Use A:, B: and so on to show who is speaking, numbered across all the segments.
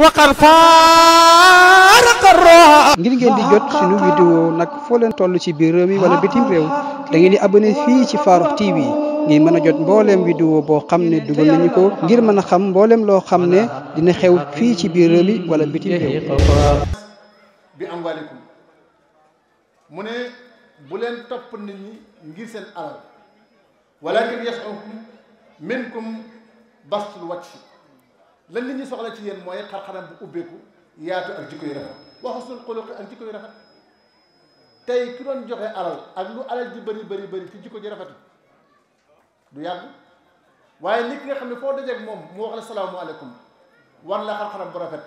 A: waqar ngir ngeen di jot suñu vidéo nag foo leen toll ci biir réew mi wala bitim réew da di abonné fii ci Farokh TV ngir mën a jot mbooleem vidéo boo xam ne dugal nañu ko ngir mën a xam mbooleem loo xam ne dina xew fii ci biir réew wala bitim réew bi am waaleykum mu ne bu leen topp nit ñi ngir seen alal walakin yas'ukum minkum bastul wajhi lan li ñu soxla ci yéen mooy xar-xaram bu ubbeeku yaatu ak jikko yu rafet wa husnul xuluqi ak jikko yu rafet tey ki doon joxe alal ak lu alal ji bëri bëri bëri ci jikko ji rafet du yàgg waaye nit ki nga xam ne foo dajeeg moom mu wax la salaamaaleykum war la xar bu rafet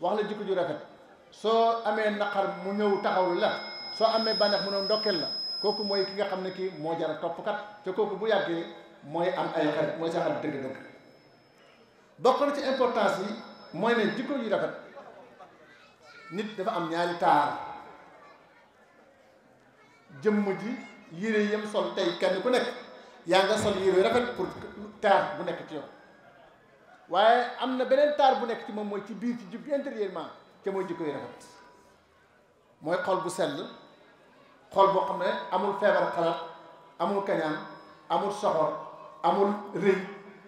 A: wax la jikko ju rafet soo amee naqar mu ñëw taxawul la soo amee ba bànneex mu ne ndokkeel la kooku mooy ki nga xam ne kii moo jar a toppkat te kooku bu yàggee mooy am ay xarit mooy sa xarit dëgg-dëgg bokk na ci importance yi mooy ne jikko yu rafet nit dafa am ñaari taar jëmm ji yére yam sol tey kenn ku nekk yaa nga sol yére rafet pour taar bu nekk ci yow waaye am na beneen taar bu nekk ci moom mooy ci biir ci jikko intérieurement ca mooy jikko yu rafet mooy xol bu sell xol boo xam ne amul feebar xalaat amul kañaan amul soxor amul rëy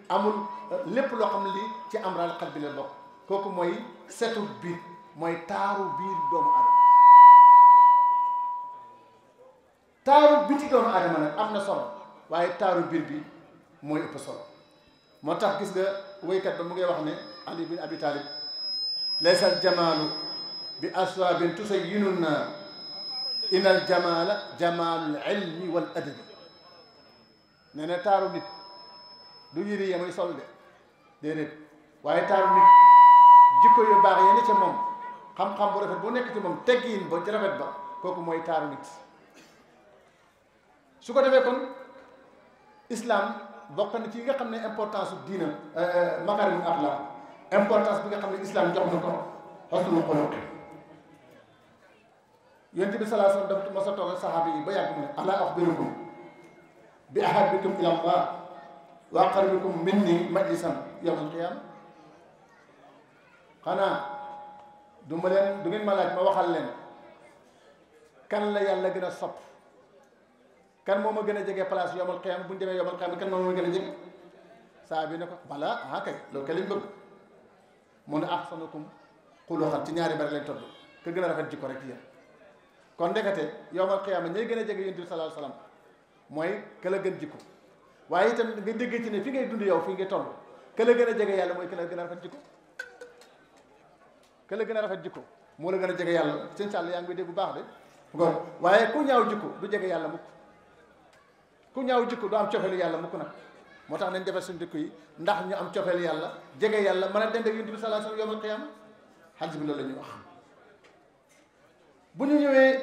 A: amul lépp loo xam li ci amraal xal bi la bokk kooku mooy setul biir mooy taaru biir doomu adama taaru biti doomu adama nag am na solo waaye taaru biir bi mooy ëpp solo moo tax gis nga woykat ba mu ngay wax ne ali bin abi talib laysa al jamaalu bi aswaabin tusayyinuna in al jamaala jamaalul ilmi wal adabi nee na taaru nit du yëre ya muy sol de dedet waye taaru nit jikko yu bax yene ci mom xam-xam bu rafet bo nek ci mom teggine ba ci rafet ba koku moy taaru nit su ko defee kon islam bokk na ci nga xamne ne importance dina euh makarim axlaq importance bi nga xamne islam jox na ko xosnul xuluq yonent bi sallallahu alayhi wasallam dafa ma sa toog sahabi yi ba yàgg mu ala akhbirukum bi ahadikum ila allah واقربكم مني مجلسا يوم القيامه خنا دوملن دوغن ملاج ما وخال لن كان لا يالا غنا صوب كان موما غنا جيغي بلاص يوم القيامه بون ديمي يوم القيامه كان موما غنا جيغي صابي نكو بلا هاكاي لو كلم بك من احسنكم قولوا خات نياري بار لن تود كا غنا رافات جيكو رك يا كون ديكاتي يوم القيامه ني غنا جيغي الله عليه وسلم كلا غن جيكو waaye itam nga njëggee ci ne fi ngay dund yow fii ngay toll ka la gën a jege yàlla mooy ka la gën a rafet jikko ka la gën a rafet jikko moo la gën a jege yàlla seen sàll yaa ngi koy dégg bu baax de waaye ku ñaaw jikko du jege yàlla mukk ku ñaaw jikko du am cofeelu yàlla mukk nag moo tax nañ defar suñu dëkk yi ndax ñu am cofeelu yàlla jege yàlla man a dend ak yonent bi sallallahu alayhi wasallam yawmal qiyaama xadis bi loolu la ñuy wax bu ñu ñëwee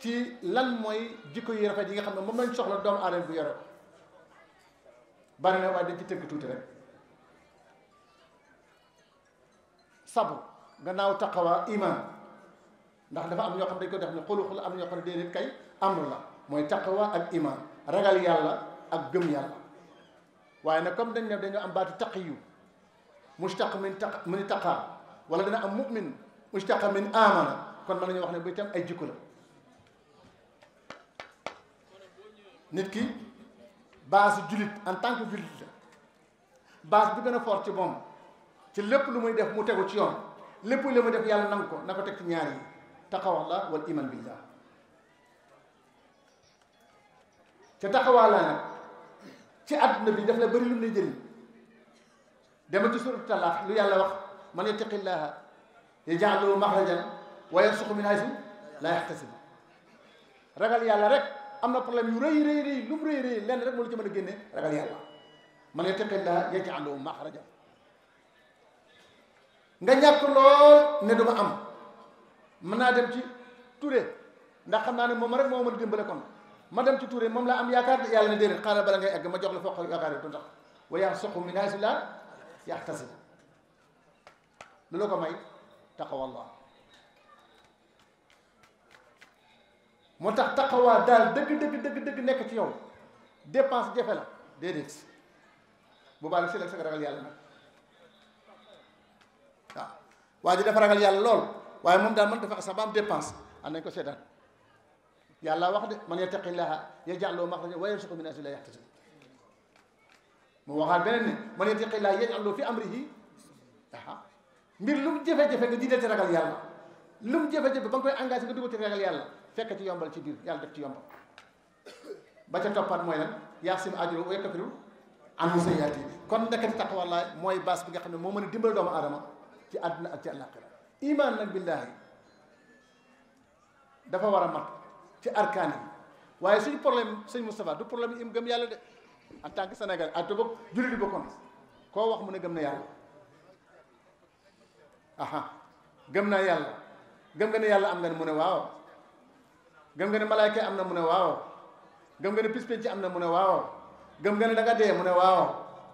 A: ci lan mooy jikko yi rafet yi nga xam ne moom lañ soxla doomu aadama bu yore bari na waaye dañ ci tënk tuuti rek sabu nga naaw taqawa iman ndax dafa am ñoo xam dañ ko def ne xuluxul am ñoo xam ne déedéet kay amru la mooy taqawa ak iman ragal yàlla ak gëm yàlla waaye nag comme dañ ne dañoo am baatu taqiyu mustaq min taq ni taqaa wala dana am mu'min mustaq min amana kon mën nañu wax ne bu itam ay jikko la nit ki base jullit en tant que julit la base bi gëna fort ci moom ci lépp lu muy def mu teggu ci yoon lépp lu muy def yàlla nang ko nako tek ci ñaar yi taqawallah wal iman billah ca taqawallah nak ci aduna bi daf la bari lu mu lay jëriñ demal ci suratul talaq lu yàlla wax man yattaqillaha yaj'alu makhrajan wa yarsuqu min haythu la yahtasib ragal yàlla rek am na problème yu rëy rëy rëy lu mu rëy rëy lenn rek moo la ci mën a génne ragal yàlla man yattaqillaaha yaj'al lahu maxraja nga ñàkk lool ne duma am mën naa dem ci Touré ndax xam naa ne moom rek moo mën a dimbale ma dem ci Touré moom laa am yaakaar yàlla ne déedéet xaaral bala ngay egg ma jox la foo xam yaakaar yi du tax wa yarzuqhu min haysu laa yahtasib lu la ko may taqwallah moo tax taqawaa daal dëgg dëgg dëgg dëgg nekk ci yow dépense jafe la déedéet bu baax si la ragal yàlla nag waa ji dafa ragal yàlla lool waaye moom daal man dafa sax ba am dépense am nañ ko seetaan yàlla wax de man yattaqillaha yaj'al lahu makhrajan wa yarzuqhu min haythu la yahtasib mu waxaat beneen ne man yattaqillaha yaj'al lahu fi amrihi aha ngir lu mu jafe-jafe nga jiital ci ragal yàlla lu mu jafe-jafe ba nga koy engagé nga dugal ci ragal yàlla fekk ci yombal ci biir yàlla def ci yombal ba ca toppaat mooy lan yaasin ajro wa yakfiru anhu sayyiati kon ndekati taqwallaay mooy baas bi nga xam ne moo mën a dimbal doomu aadama ci àdduna ak ci àllaaxira imaan nag billaahi dafa war a mat ci arkaan waaye suñu problème sëñ Moustapha du problème im gëm yàlla de en tant que Sénégal ak te jullit yi bokkoon koo wax mu ne gëm na yàlla aha yàlla gëm nga ne yàlla am nga ne mu ne waaw gëm nga ne malaayka am na mu ne waaw gëm nga ne pispeen ci am na mu ne waaw gëm nga ne danga nga dee mu ne waaw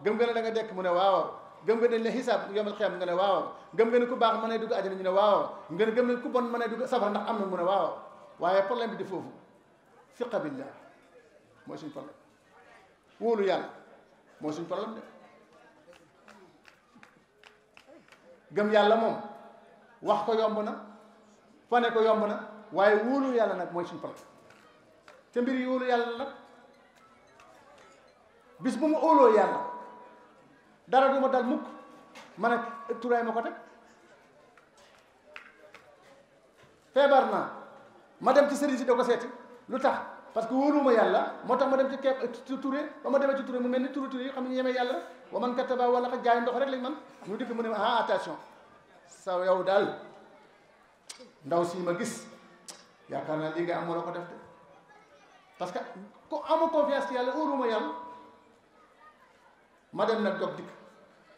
A: gëm nga ne danga nga dekk mu ne waaw gëm nga ne la xisaab yomal xiyam nga ne waaw gëm nga ne ku baax mën a dugg àjjana ñu ne waaw nga ne gëm ne ku bon mën a dugg safara ndax am na mu ne waaw waaye problème bi di foofu fiqa billah mooy suñu problème wóolu yàlla mooy suñu problème gëm yàlla moom wax ko yomb na fane ko yomb na waaye wóolu yàlla nag mooy suñu problème mbir yi wóolu yàlla nag bis bu mu óoloo yàlla dara du ma dal mukk man ak eh, turaay ma ko teg feebar naa ma dem ci sëriñ si da ko seeti lu tax parce que ma yàlla moo tax ma dem ci keeb eh, turé ba ma demee ci ture mu mel ni turu turé yi xam ne yemee yàlla wa man kataba wala xa jaay ndox rek lañ man ñu dikk mu ne ah attention sa yow daal ndaw si ma gis yaakaar naa li nga am moo la ko def de parce que ku amu confiance ci yàlla óoruma yàlla ma dem nag dog dikk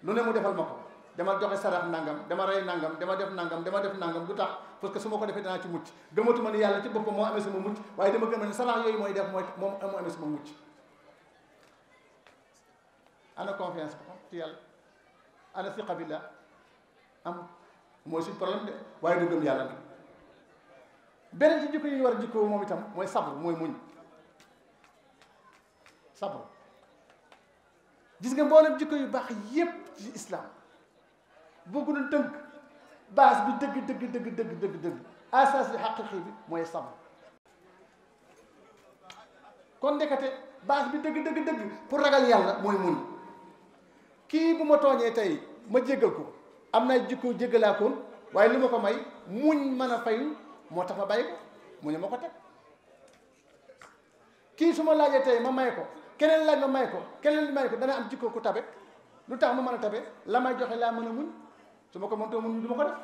A: lu ne mu defal ma ko dama joxe sarax nangam dama rey nangam dama def nangam dama def nangam du tax parce que su ma ko defee danaa ci mucc gëmatuma ne yàlla ci boppam moo amee sama mucc waaye dama a ne sarax yooyu mooy def moom moo amee sama mucc ana confiance ko ci yàlla ana siqa billah am mooy suñ problème de waaye du gëm yàlla nag beneen ci jikko yi ñu war a jikko moom itam mooy sabru mooy muñ sabru gis nga mboolem jikko yu baax yépp ci islam boo ko doon tënk base bi dëgg dëgg dëgg dëgg dëgg dëgg asas bi bi mooy sabru kon ndekete base bi dëgg dëgg dëgg pour ragal yàlla mooy muñ kii bu ma tooñee tey ma jéggal ko am naa jikko jéggalaakoon waaye li ma ko may muñ mën a fayu moo tax ma bàyyi ko mu ne ma ko teg kii su ma laajee tey ma may ko keneen laaj ma may ko keneen may ko dana am jikko ku tabe lu tax ma mën a tabe la may joxe laa mën a muñ su ma ko mëntoo muñ du ma ko def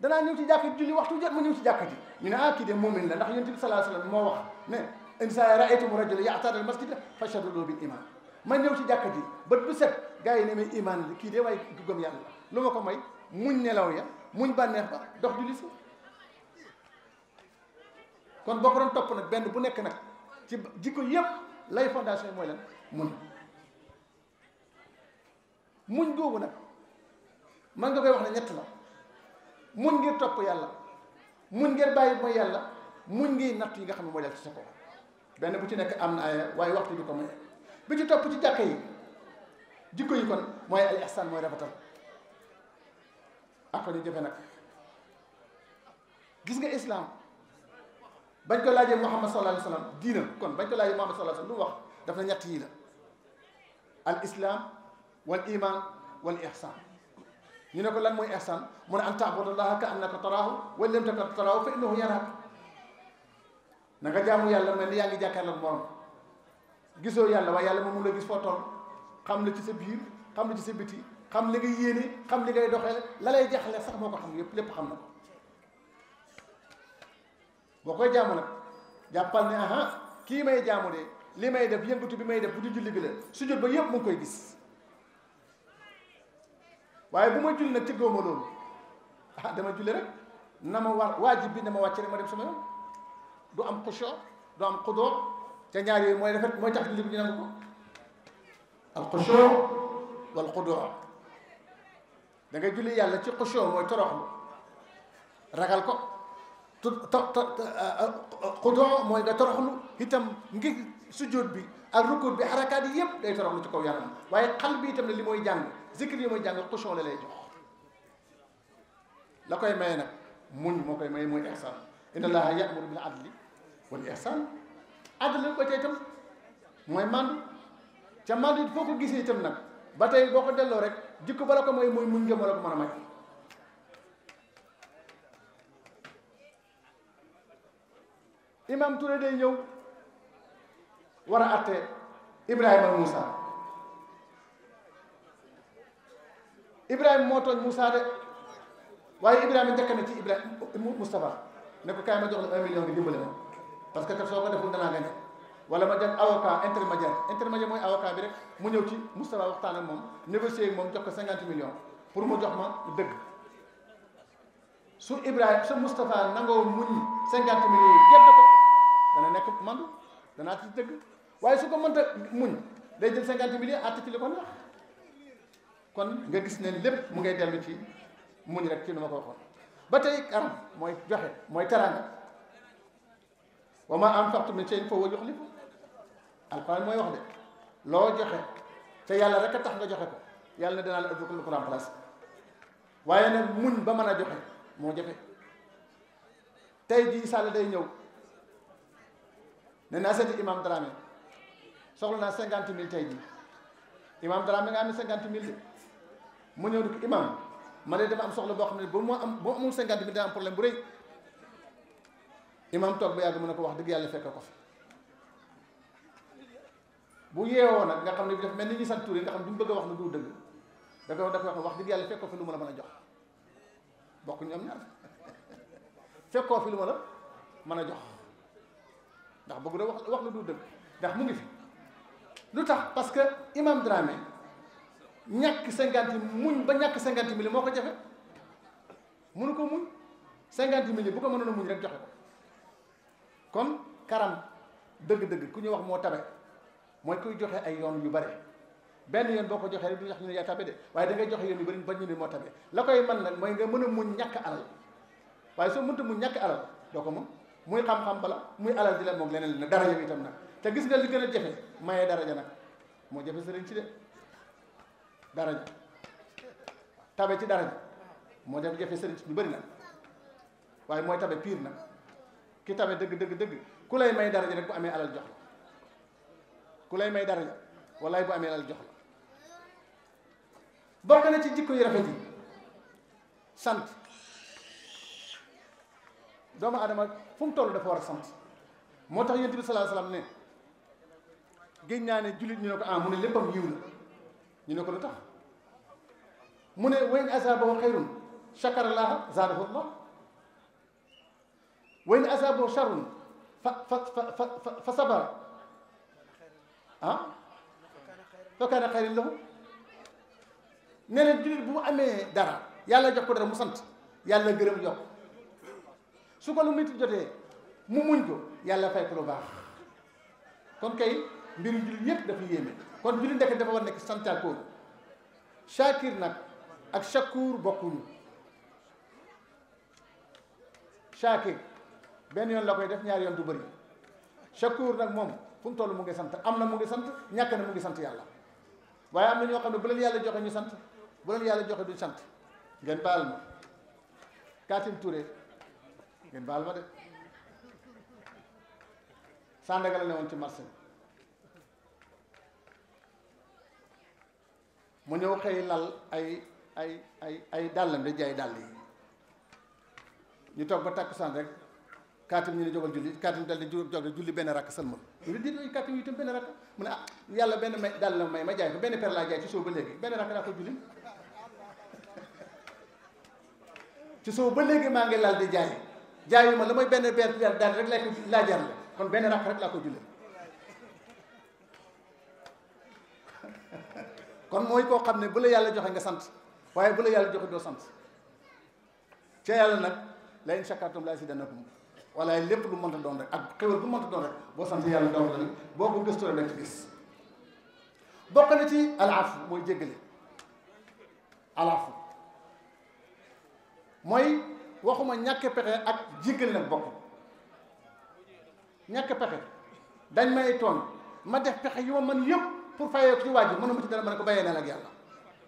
A: danaa ñëw ci jàkka ji julli waxtu jot ma ñëw ci jàkka ji ñu ne ah kii de mu'min la ndax yonent bi sallallahu alayhi wasallam moo wax ne in saa ra'aytum rajulan ya'tadil masjida fashhadu bil iman ma ñëw ci jàkka ji bët bu set gars yi ne may iman kii de waaye gëm yàlla lu ma ko may muñ nelaw ya muñ bànneex ba dox julli si kon boo ko doon topp nag benn bu nekk nag ci jikko yépp lay fondation yi mooy lan muñ muñ googu nag man nga koy wax ne ñett la muñ ngir topp yàlla muñ ngeen bàyyi mooy yàlla muñ ngir natt yi nga xam ne mooy dal ci sa benn bu ci nekk am na ay waaye waxtu bi ko maye bi ci topp ci jàkka yi jikko yi kon mooy al ihsan mooy rafetal ak lu jafe nag gis nga islam bañ ko laajee Muhammad sallallahu alayhi wa sallam diina kon bañ ko laajee Muhammad sallallahu alayhi wa sallam lu wax daf na ñett yii la al islam wal iman wal ihsan ñu ne ko lan mooy ihsan mu ne an taabudallaha ka annaka taraahu wa lam takun taraahu fa innahu yaraak na nga jaamu yàlla mel ni yaa ngi jàkkaarloog borom gisoo yàlla waaye yàlla moom mu la gis foo toll xam la ci sa biir xam la ci sa biti xam li ngay yéene xam li ngay doxee la lay jaxle sax moo ko xam yëpp lépp xam na boo koy jaamu nag jàppal ne aha kii may jaamu de li may def yëngatu bi may def bu di julli bi la su jot ba yëpp mu koy gis waaye bu ma julli nag ci góoma loolu ah dama julli rek na ma war waajib bi na ma wàcc rek ma dem sama yoon du am xusoo du am xudoo te ñaar yooyu mooy defet mooy tax julli bi ñu nangu ko al xusoo wal xudoo da nga julli yàlla ci xusoo mooy toroxlu ragal ko tu to xudoo mooy nga toroxlu itam ngir sujjóot bi ak rukuut bi xarakaat yi yëpp day toroxlu ci kaw yaram waaye xal bi itam ne li mooy jàng zikir yi mooy jàng xusoo la lay jox la koy maye nag muñ moo koy maye mooy ihsaan inna allaha ya'muru bil adli wal ihsaan adl la ko tey itam mooy màndu ca màndu it foo ko gisee itam nag ba tey boo ko delloo rek jikko bala ko mooy mooy muñ nga moo la ko mën a may imam ñëw war a atte Ibrahima Moussa Ibrahima moo tooñ Moussa de waaye Ibrahima njëkk na ci Ibrahima Moustapha ne ko kaay ma jox la un million bi dimbali ma parce que kat soo ko deful danaa gane wala ma jël avocat intermédiaire intermédiaire mooy avocat bi rek mu ñëw ci Moustapha waxtaan ak moom négocier ak moom jox ko cinquante millions pour mu jox ma dëgg su Ibrahima su Moustapha nangoo muñ cinquante millions yi gedd ko dana nekk man danaa ci dëgg waaye su ko mënta muñ day jël cinquante millions àtt ci li ko neex kon nga gis ne lépp mu ngay dellu ci muñ rek ci lu ma ko waxoon ba tey karam mooy joxe mooy teraanga wa ma anfaqtum min shay'in fa huwa yukhlifu alxuraan mooy wax de loo joxe te yàlla rek a tax nga joxe ko yàlla ne danaa la ëpp lu ko remplacer waaye nag muñ ba mën a joxe moo jafe tey jii sàll day ñëw ne naa seeti imam Dramé soxla naa cinquante mille tey jii imam Dramé nga am cinquante mille de mu ñëw di ko imam ma ne dama am soxla boo xam ne bu mu am bu amul cinquante mille dana am problème bu rëy imam toog ba yàgg mën na ko wax dëgg yàlla fekk ko fi bu yeewoo nag nga xam ne bi daf mel ni ñuy sant Touré nga xam ne du mu bëgg a wax lu dul dëgg da koy da koy wax wax dëgg yàlla fekkoo fi lu ma la a jox bokk fi lu mën a jox ndax bëgg na wax wax lu dul dëgg ndax mu ngi fi lu tax parce que imam Dramé ñàkk cinquante muñ ba ñàkk cinquante mille moo ko jafe mënu ko muñ cinquante mille bu ko mën a muñ rek joxe ko kon karam dëgg-dëgg ku ñu wax moo tabe mooy kuy joxe ay yoon yu bare benn yoon boo ko joxee rek du tax ñu ne yaa tabe de waaye da ngay joxe yoon yu bëri ba ñu ne moo tabe la koy mën nag mooy nga mën a muñ ñàkk alal waaye soo mënta muñ ñàkk alal doo ko mën muy xam-xam bala muy alal di la moom leneen la dara yow itam nag te gis nga li gën a jafe maye daraja nag moo jafe sëriñ ci de daraja tabe ci daraja moo def jafe sëriñ ci ñu bëri nag waaye mooy tabe pire nag ki tabe dëgg dëgg dëgg ku lay may daraja rek bu amee alal jox la كولاي ماي دارا والله بو امي لا جوخ بوكنا تي جيكو يرافتي سانت دوما ادم فوم تولو دا فور سانت موتاخ يونتبي صلى الله عليه وسلم ني گيناني جوليت ني نكو ا مون ليمبام يوم ني نكو لوتاخ مون وين اسابو خيرون شكر الله زاده الله وين اسابو شر فصبر فكان خير لهم نال الدنيا بو امي دارا يالا جوكو دارا مسانت يالا غريم جوك سوكو لو ميتي جوتي مو مونجو يالا فاي كلو باخ كون كاي مبير جول ييب دا في ييمي كون جول نك دا فا وار نك سانتال كو شاكير نك اك شكور بوكو ني شاكير بن يون لاكاي ديف نياار يون دو بري شكور نك موم fu mu toll mu ngi sant am na mu ngi sant ñàkk na mu ngi sant yàlla waaye am na ñoo xam ne bu leen yàlla joxe ñu sant bu leen yàlla joxe duñ sant ngeen baal ma Katim Touré ngeen baal ma de Sandaga la ne woon ci marché mu ñëw xëy lal ay ay ay ay dàllam da jaay dàll yi ñu toog ba takkusaan rek kaatim ñu ne jógal julli kaatim dal di jóg julli benn rakk sëlmal loolu di yooyu kaatim yi itam benn rakk mu ne ah yàlla benn may daal la may ma jaay ko benn per laa jaay ci soow ba léegi benn rakk laa ko julli ci soow ba léegi maa ngi laal di jaay jaayu ma la mooy benn benn daal rek laa ko laa jar la kon benn rakk rek laa julli kon mooy koo xam ne bu la yàlla joxe nga sant waaye bu la yàlla joxe doo sant ca yàlla nag la in shakartum la azidannakum wala lépp lu mën mënta doon rek ak xéwal bu mënta doon rek boo sante yàlla dong la boo ko gëstoo rek ci gis bokk na ci alaafu mooy jéggale alaafu mooy waxuma ñàkk pexe ak jéggale nag bokk ñàkk pexe dañ may tooñ ma def pexe yu ma mën yëpp pour fayee ci waaj mënuma ci dara ma ne ko bàyyee neel ak yàlla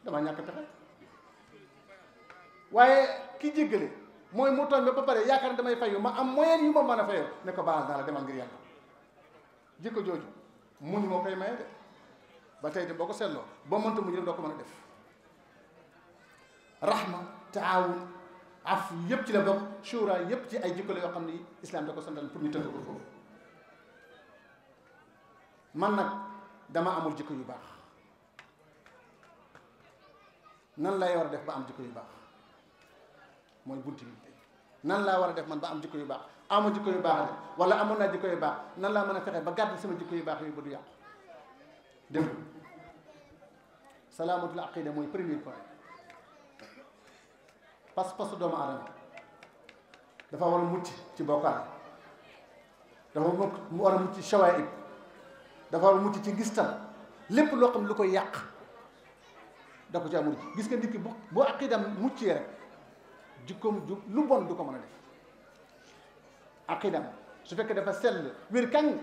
A: dama ñàkk pexe waaye ki jéggale mooy mu tooñ ba pare yaakaar ne damay fayu ma am moyen yu ma mën a fayoo ne ko baal naa la demal ngir yàlla jikko jooju muñ moo koy maye de ba tey de boo ko seetloo boo mënta muñ rek doo ko mën a def rahma taawun af yëpp ci la bokk shura yëpp ci ay jikko la yoo xam ni islam da ko santal pour ñu tënk ko foofu man nag dama amul jikko yu baax nan lay war a def ba am jikko yu baax mooy bunt bi nan laa war a def man ba am jikko yu baax amu jikko yu baax de wala amoon naa jikko yu baax nan laa mën a fexe ba gàdd sama jikko yu baax yooyu ba du yàqu dégg salaamatul aqida mooy premier point pas-pasu doomu aadama dafa war a mucc ci bokkaale dafa war a mucc ci shawaib dafa war a mucc ci gis ngistal lépp loo xam lu koy yàq da ko ci amul gis nga nit ki bu bu aqidam muccee rek jikkoom jub lu bon du ko mën a def aqidam su fekkee dafa sell wir kañ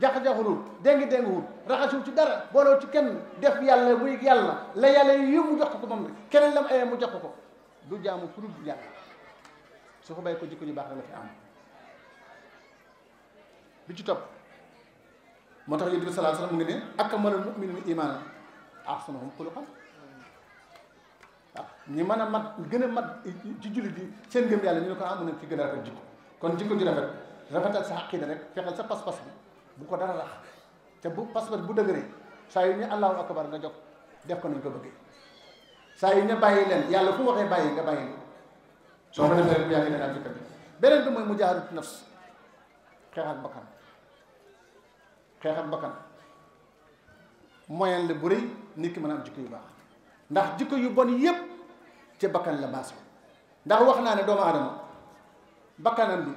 A: jax-jaxulul déngi déngiwul raxasul ci dara booloo ci kenn def yàlla muy yàlla la yàlla yu mu jox ko moom rek keneen la mu ayee mu jox ko du jaamu ku dul yàlla su ko bàyyi ko jikko ju baax la fi am bi ci topp moo tax yonent bi sallallahu alayhi mu ngi ne ak maral mu'minin imaana ahsanahum xuluqan ñi mën a mat gën a mat ci jullit bi seen gëm yàlla ñu ne ko ah mën a gën a rafet jikko kon jikko ju rafet rafetal sa aqiida rek fexeel sa pas-pas bi bu ko dara rax te bu pas-pas bu dëgëree saa yu ne allahu akbar nga jog def ko nañ ko bëggee saa yu ne bàyyi leen yàlla fu waxee bàyyi nga bàyyi soo ko defee rek yaa ngi danaa jikko bi beneen bi mooy mujaahadat nafs xeex ak bakkan xeex ak bakkan moyen la bu rëy nit ki mën a am jikko yu ndax jikko yu bon yépp ci bakkan la baas ndax wax naa ne doomu aadama bakkanam bi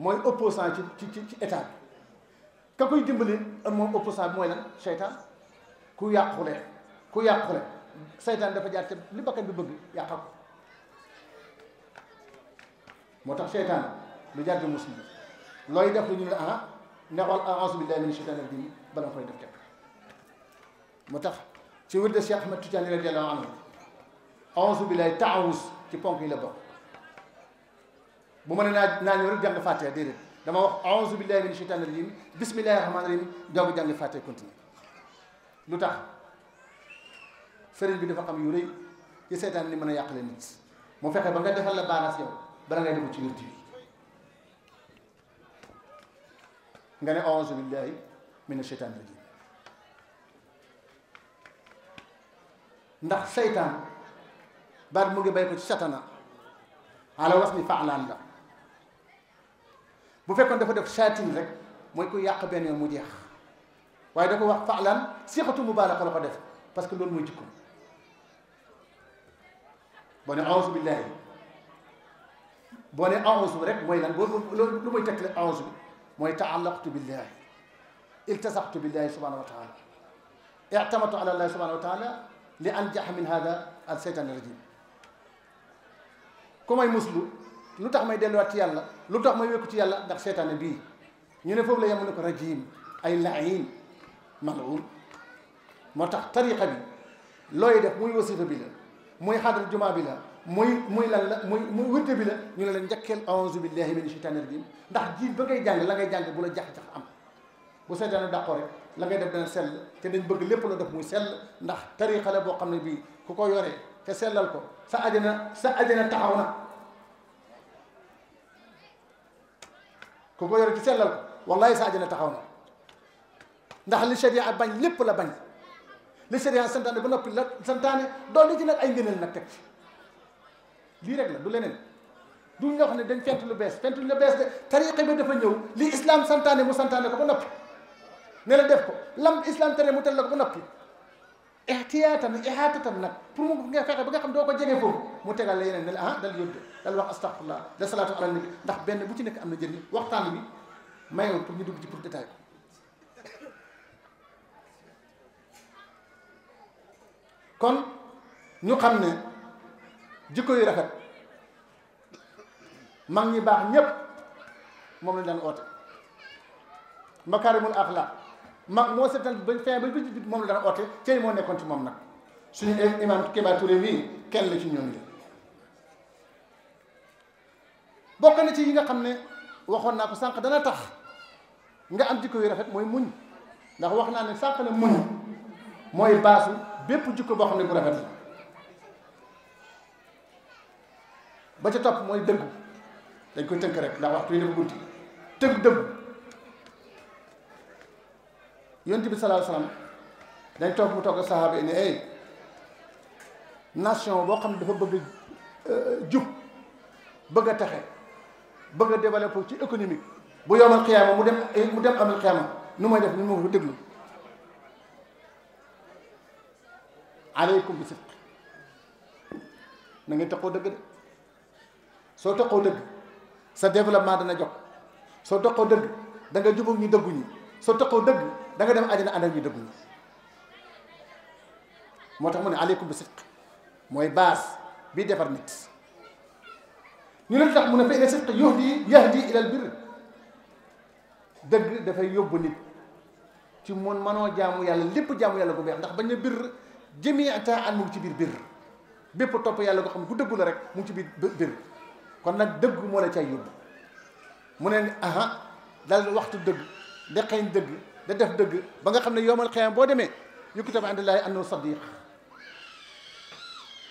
A: mooy opposant ci ci ci état bi ka koy dimbali moom opposant bi mooy lan seytaan ku yàqule ku yàqule seytaan dafa jaar ca li bakkan bi bëgg yàqal ko moo tax seytaan lu jaar di muslim looy def lu ñu ne ah nexool a'uuzu billaahi mina sheytaani rajiim bala koy def teg moo tax ci wërde Cheikh Ahmed Tidiane radiyallaahu anhu أوزو بلاي تاوز كي بونك إلى بوك بمانا نان يرد جنب فاتح ديرت دم أعوذ من الشيطان الرجيم بسم الله الرحمن الرحيم دعو جنب فاتح كنت لطخ فريد بن فقام يوري يسيطان لمن يقل نت مفقه بانك دفع الله بارس يو برانك دمو تير دي نغاني أعوذ بالله من الشيطان الرجيم ndax بار موغي بايكو سي ساتانا على وصف فعلان لا بو فيكون دافا ديف شاتين رك موي كو ياق بن يوم ديخ واي داكو واخ فعلان سيخه مبالغه لا كو ديف باسكو لول موي جيكو بوني اعوذ بالله بوني اعوذ رك موي لان بو لول لو موي تك اعوذ موي تعلقت بالله التصقت بالله سبحانه وتعالى اعتمدت على الله سبحانه وتعالى لانجح من هذا الشيطان الرجيم كوماي مسلو لوتاخ ماي ديلو وات يالا لوتاخ ماي ويكو تي يالا داخ شيطان بي ني نه فوب لا يامو نكو رجيم اي لعين ملعون موتاخ طريقه بي لوي داف موي وصفه بي لا موي حاضر الجمعه بي لا موي موي لان لا موي موي ورته بي لا ني لا نجاكل اعوذ بالله من الشيطان الرجيم داخ جين باغي جان لا غاي جان بولا جاخ جاخ ام bu seetaanu dàqo rek la ngay def dana sell te dañ bëgg lépp la def muy sell ndax tariqa la te sellal ko sa ajana sa ajana taxaw na ku ko yore ci sellal ko wallahi sa ajana taxaw na ndax li sharia bañ lépp la bañ li sharia santaane ba noppi la santaane doon ci nag ay ngëneel nag teg ci lii rek du leneen du nga xam ne dañ fent lu bees fent lu bees de tariqa bi dafa ñëw li islam santaane mu santaane ko ba noppi ne def ko lam islam tere mu tel la ko ba noppi ihtiyatan ihatatan nak pour mu nga fexe ba nga xam do ko jégué foofu mu tegal la yeneen ne ah dal yóbbu dal wax astaghfirullah da salatu ala nabi ndax benn bu ci nek amna jëri waxtan bi mayo pour ñu dugg ci pour détail kon ñu xam ne jikko yu rafet mag ñi baax ñépp moom lañ daan oote makarimul akhlaq mag moo seetal bañ fin ba bi moom la daan oote cey moo nekkoon ci moom nag suñu imam Kéba Touré mii kenn la ci ñoom la bokk na ci yi nga xam ne waxoon naa ko sànq dana tax nga am jikko yu rafet mooy muñ ndax wax naa ne sànq ne muñ mooy baasu bépp jikko boo xam ne bu rafet la ba ca topp mooy dëggu dañ koy tënk rek ndax waxtu yi dafa guddi tënk dëggu yonent bi sallallahu alayhi wa sallam dañ toog mu toog saxaaba yi ne ay nation boo xam ne dafa bëgg euh, jub bëgg a texe bëgg a développer ci économique bu yomal xiyaama mu dem eh, mu dem amul xiyaama nu may def nu mu ko déglu aleykum bi sidq na ngay taxaw dëgg de soo taxaw dëgg sa développement dana jog soo taxaw dëgg da nga jubóog ñu dëgguñu soo taxaw dëgg danga dem àjjana ànd ak ñu moo tax mu ne aleykum bi sidq mooy baas bi defar nit ñu ne tax mu ne fa ila sidq yuhdi yahdi ilal bir dëgg dafay yóbbu nit ci mun mënoo jaamu yàlla lépp jaamu yàlla ko beex ndax bañ a bir jëmee ataa an mu ngi ci biir bir bépp topp yàlla goo xam ne ku dëggu la rek mu ci biir bir kon nag dëgg moo la cay yóbbu mu ne aha dal waxtu dëgg deqeñ dëgg da def dëgg ba nga xam ne yowmal xiyaam boo demee yukkitab indallaahi annahu sadiq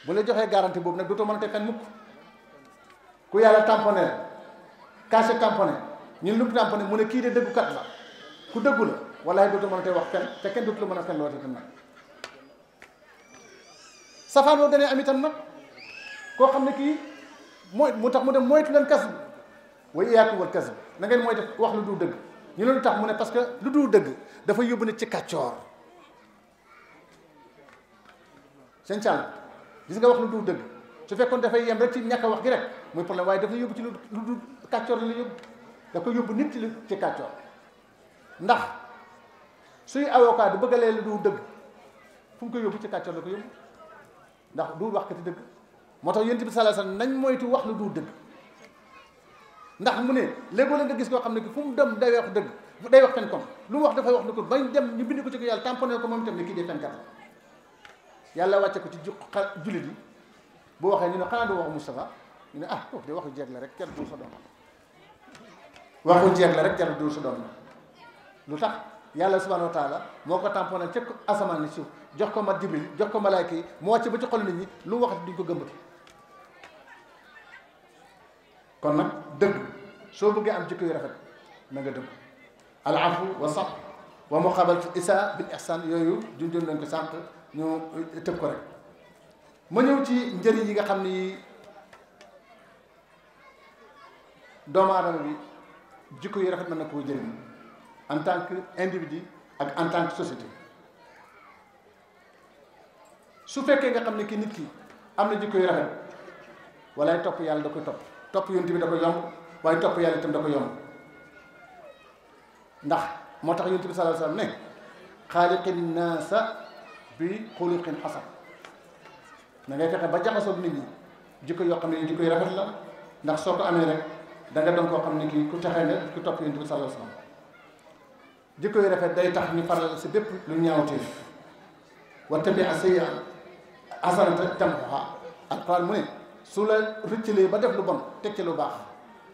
A: bu la joxee garante boobu nag dootoo mën a teg fen mukk ku yàlla tamponné cachet tamponné ñun lu tamponné mu ne kii de dëggukat la ku dëggu la wallaahi dootoo mën a wax fen te kenn dootu la mën a fen loolu itam nag safaan boo gënee am itam nag koo xam ne kii mooy mu tax mu dem moytu leen kas bi way iyaakum wal kas bi na ngeen mooy def wax lu du dëgg ñu ne lu tax mu ne parce que lu dul dëgg dafa yóbbu nit ci kàccoor seen caan gis nga wax lu dul dëgg su fekkoon dafay yem rek ci ñàkk wax gi rek muy problème waaye dafa yóbbu ci lu dul kàccoor la yóbbu da ko yóbbu nit ci ci kàccoor ndax suy avocat du bëgg a leen lu dul dëgg fu mu ko yóbbu ci kàccoor la ko yóbbu ndax du wax kati dëgg moo tax yonent bi sallallahu alayhi wasallam nañ moytu wax lu dul dëgg ndax mu ne léegoo leen nga gis koo xam ne fu mu dem day wax dëgg day wax fen kon lu mu wax dafay wax ni ko bañ dem ñu bind ko ci ko yàlla tamponné ko moom itam ne kii dee yàlla wàcce ko ci ju jullit yi boo waxee ñu ne xanaa du wax Moustapha ñu ne ah kooku oh, de waxu jeeg la rek kenn du sa doom waxu jeeg la rek kenn du sa doom lu tax yàlla subhanahu wa taala moo ko tamponné ci asamaan ni si jox ko ma jibril jox ko malaayka yi mu wàcce ba ci xol nit ñi lu wax duñ ko gëmbati kon nag dëgg soo bëggee am jikko yu rafet na nga dëgg al afu wa sax wa mu xabal isa bil ihsan yooyu junjoon nañ ko sànq ñu tëb ko rek ma ñëw ci njëriñ yi nga xam ni doomu aadama bi jikko yu rafet mën na koo jëriñ en tant que individu ak en tant que société su fekkee nga xam ne ki nit ki am na jikko yu rafet walaay topp yàlla da koy topp topp yonent bi da ko yomb waaye topp yàlla tam da ko yomb ndax moo tax yonent bi sallallahu alayhi wasallam ne xaaliqin naasa bi xuluqin hasan da ngay fexe ba jaxasoo nit yi jikko yoo xam ne jikko yu rafet la ndax soo ko amee rek da nga koo xam ne kii ku texee nga ku topp yonent bi sallallahu alayhi wasallam jikko yu rafet day tax ñu faral si bépp lu ñaawtee wa tabi sayyi'a hasanatan tamhuha alquran mu ne su la rëccalee ba def lu bon teg ce lu baax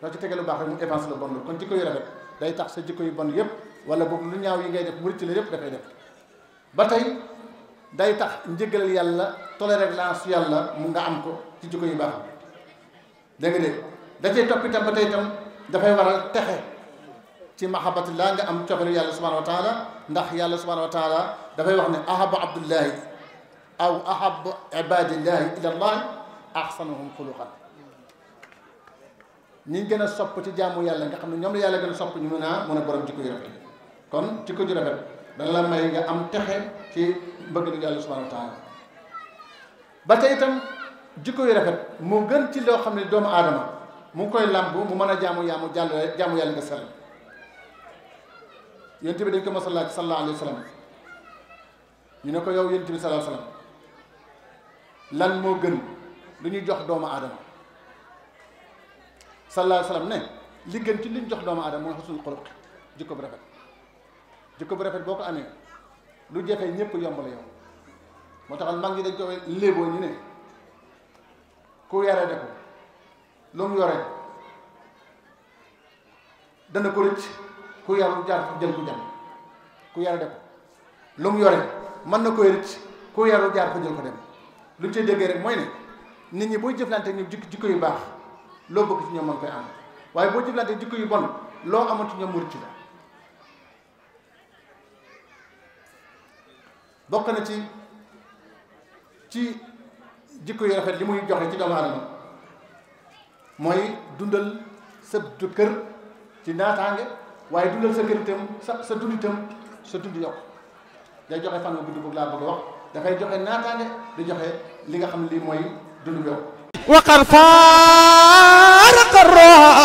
A: loo ci tege lu baax rek mu évance lu bon la kon jikko yu rafet day tax sa jikko yu bon yépp wala boobu lu ñaaw yi ngay def mu rëccalee yépp dafay def ba tey day tax njëggalal yàlla tolérance yàlla mu nga am ko ci jikko yu baax dégg nga de da cay ba tey itam dafay waral texe ci mahabatullah nga am cofeelu yàlla subhanahu wa taala ndax yàlla subhanahu wa taala dafay wax ne ahaba abdullahi aw ahaba ibadillahi ila allah أحسنهم خلقا نيجينا سبب تجامو يالله نك خم نيوم يالله كن سبب نيمنا من برام تكو يرفع كن تكو يرفع دللا ما يجا أم تخم تي بعدين يالله سبحانه وتعالى بتأي تام تكو يرفع مغن تلو خم ندوم آدم مكوي لامبو ممنا جامو يامو جالو جامو يالله كسر ينتبه لك مسلا صلى الله عليه وسلم ينكو يو ينتبه صلى الله عليه وسلم لن مغن lu ñuy jox doomu aadama sallallahu alayhi wa sallam ne li gën ci li ñu jox doomu aadama mooy xasul xuluq jikko bu rafet jikko bu rafet boo ko amee lu jafe ñépp yomb la yow moo taxal mag ñi dañ ko léeboo ñu ne ku yaree de ko lu mu yore dana ko rëcc ku yaru jaar ku jàmm de lu mu yore mën na koy rëcc ku yaru jaar fa jël ko dem lu ñu cee déggee rek mooy ne nit ñi booy jëflante jikk jikko yu baax loo bëgg ci ñoom mën koy am waaye boo jëflante jikko yu bon loo amoon ci mu rëcc la bokk na ci ci jikko yu rafet li muy joxe ci doomu aadama mooy dundal sa du kër ci naataange waaye dundal sa kër itam sa sa dund sa dund yokk day joxe fan nga gudd boobu laa bëgg wax dafay joxe naataange di joxe li nga xam lii mooy dund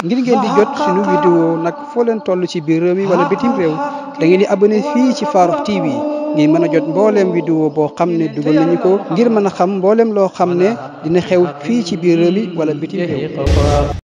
A: ngir ngeen di jot suñu vidéo nag foo leen toll ci biir réew mi wala bitim réew da di abonné fii ci Farokh TV ngir mën a jot mbooleem vidéo boo xam ne dugal nañu ko ngir mën a xam mbooleem loo xam ne dina xew fii ci biir réew mi wala bitim réew